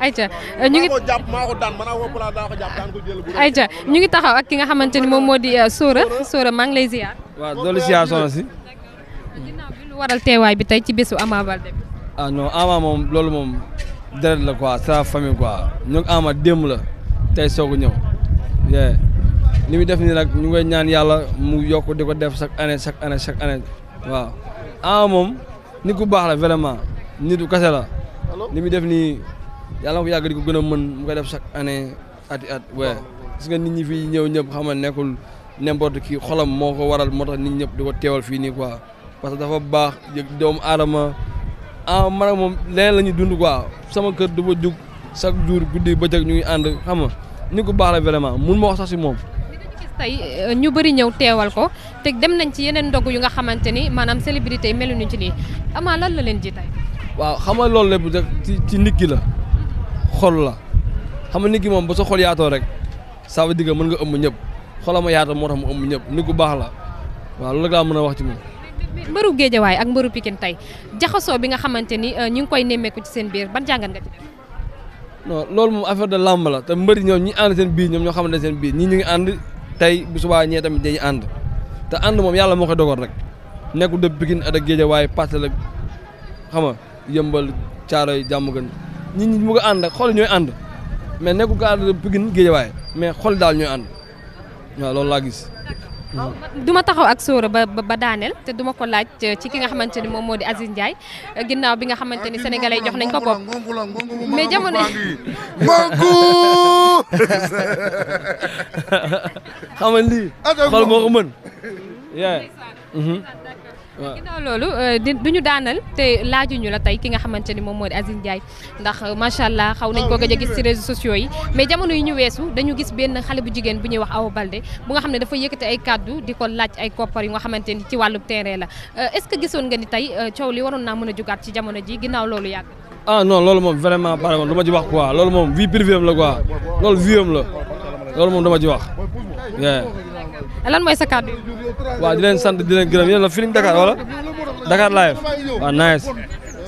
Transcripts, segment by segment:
ayca ñu ngi ayca ñu ngi taxaw ak ki nga xamante ni moom moo di euh, Sora Sora maa lay ziar. waaw doole ziar soxna si. ginnaaw bi lu waral teewaay bi tey ci bésu Ama Baldé bi. ah non Ama moom loolu moom deret la quoi sa famille quoi ñu ngi Ama démb la tey soog a ñëw. li muy def nii nag ñu ngay ñaan yàlla mu yokk di ko def chaque année chaque année chaque année waaw Ama moom nit ku baax la vraiment nit ku kase la. ni muy def nii yàlla na ko yàgg di ko gën mën mu koy def chaque année ati at nit ñi fii ñëw ñëpp xam nga nekkul n'importe qui xolam moo ko waral moo tax nit ñëpp di ko teewal fii nii quoi parce que dafa baax doomu aadama ah man moom leneen la ñuy dund quoi sama kër dafa jug chaque jour guddi bëccëg ñu ngi ànd xam nga ku baax la vraiment mun ma wax sax si moom. tey euh, ñu bëri ñëw teewal ko te dem nañ ci yeneen ndog yu nga xamante ni maanaam célébrité yi meluñu ci nii ama lan la leen ji waaw xam nga loolu lépp ci ci nit ki la xol la xam nga nit ki moom ba sa xol yaatoo rek ça veut mën nga ëmb ñëpp xolama yaatoo moo tax mu ëmb ñëpp nit ku baax la waaw loolu laa mën a wax ci moom. mbëru géejawaay ak mbëru Pikine tey jaxasoo bi nga xamante ni euh, ñu ngi koy nemmeeku ci seen biir ban jàngat nga ci. loolu moom affaire de làmb la te mbëri ñoom ñi ànd seen biir ñoom ñoo xamante seen biir ñii ñu ngi ànd tey bu subaa ñee tamit ñu ànd te ànd moom yàlla moo koy dogal rek nekkul de Pikine ak géejawaay passé la xam nga yëmbal caaroy jàmm gën nit ñi mu ko ànd ak xol ñooy ànd mais nekku gaar Pikine Guédiawaye mais xol daal ñooy ànd waaw loolu laa gis. duma taxaw ak Sora ba ba daaneel te duma ko laaj euh, ci ki nga xamante ni moom moo di Aziz Ndiaye euh, ginnaaw bi nga xamante ni sénégalais jox nañ ko bopp mais jamono mangu xam nga lii xol moo ko mën ginnaaw loolu euh, du ñu daanal te laajuñu la tey ki nga xamante ni moom moo di Aziz Ndiaye ndax euh, macha allah xaw nañ ko ah, gëj a gis ci réseaux sociaux yi mais jamono yi ñu weesu dañu gis benn xale bu jigéen bu ñuy wax aw Balde bu nga xam ne dafa yëkkati ay kàddu di ko laaj ay koppar yu nga xamante ni ci wàllu terrain la euh, est-ce que gisoon nga ni tey coow li waroon naa mën a jugaat ci jamono ji ginnaaw loolu yàgg ah non loolu moom vraiment par exemple du ma ci wax moom vie privée am la quoi loolu vie am la loolu moom dama ci wax lan mooy sa kàddu waaw di leen sant di leen gërëm yéen la Feeling Dakar wala Dakar live waaw nice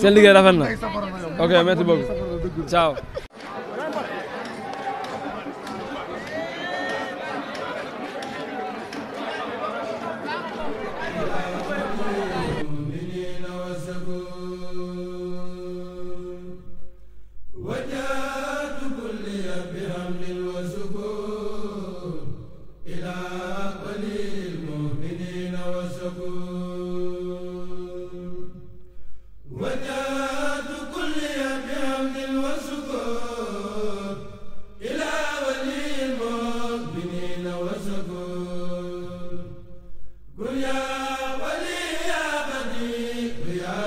seen liggéey rafet na ok merci beaucoup ciao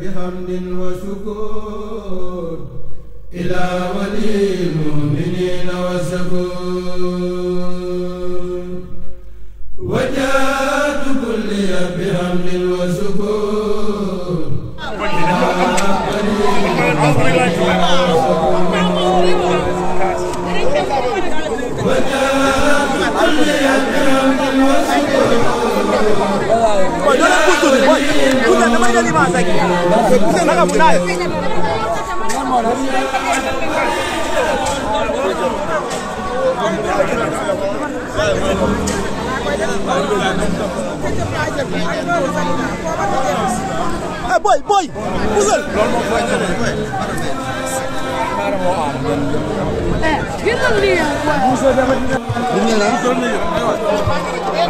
بحمد وشكر إلى ولي Boy, don't let put to the boy. Put that nobody don't even ask like. Put that nigga munai. Hey boy, boy, puzzle. Eh, get the lead. Puzzle,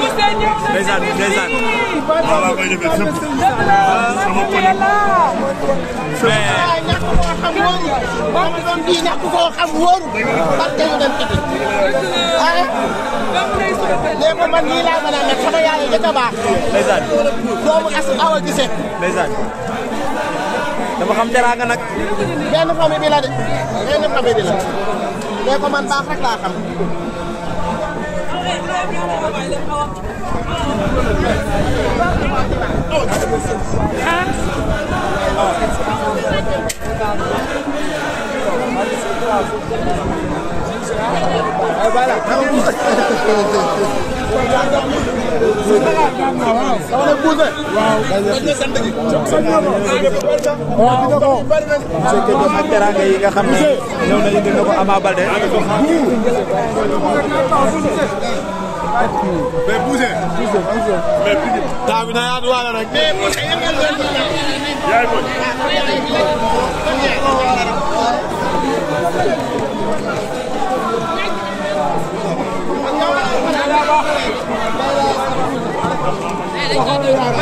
ndeysaan ndeysaan. voilà may defee sëb. sama pël. mais. ñàkk koo xam wóoru. parce que ñu dem ci léegi ko man nii laa mën a mel sama yaay njëkk a baax. ndeysaan. doomu as awa gisee. ndeysaan. dama xam teraanga nag. benn famille bi la de. benn famille bi la. mais ko man baax rek laa xam. teraanga yi nga xam ne ñëw nañu dina ko Ama Baldé mais bougé. bougé bougé. mais pigi temps bi na yaatu waale rek. mais bougé yéen ñëpp daal di ñëw. yaay mooy. Thank you.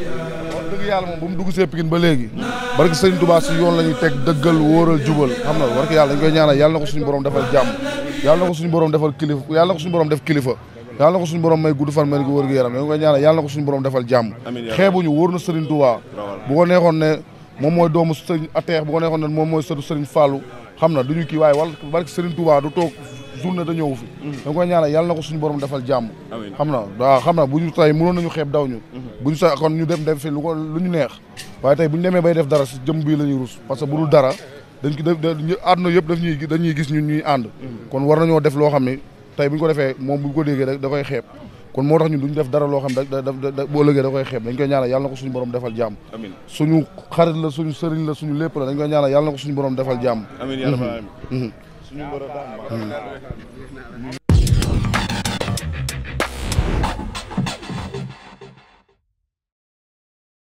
wax dëgg yàlla moom bu mu dugg see Pikine ba léegi barke sëñ Touba si yoon la ñuy teg dëggal wóoral jubal xam na barke yàlla dañ koy ñaanal yàlla na ko suñu borom defal jàmm yàlla na ko suñu borom defal kilifa yàlla na ko suñu borom def kilifa yàlla na ko suñu borom may gudd fan mel gi wër gi yaram dañ koy ñaanal yàlla na ko suñu borom defal jàmm xeebuñu wóor na sëriñ Touba bu ko ne moom mooy doomu sëriñ Ateex bu ko ne moom mooy sëriñ Fallou xam na duñu kii waaye wal sëriñ Touba du toog journée te ñëw fi mhm. da nga koy ñaanal yàlla na ko suñu borom na waaw xam na bu ñu tey mënoon nañu xeeb daw ñu mhm. ñu sa ñu dem def fi lu ko lu ñu demee bay def dara si jëm bii la ñuy rus parce que bu dul dara dañ ko def àdduna dañuy gis ñun ñuy ànd mhm. kon war nañoo def loo xam ne tey bu ñu ko defee moom bu ko déggee da koy xeeb kon moo tax ñun duñ def dara loo xam ne da boo lëgee da koy xeeb dañ koy ñaanal yàlla na ko suñu borom defal jàmm amiin suñu xarit la suñu sëriñ la suñu lépp la dañ koy ñaanal yàlla na ko suñu borom defal jàmm suñu mbër a daan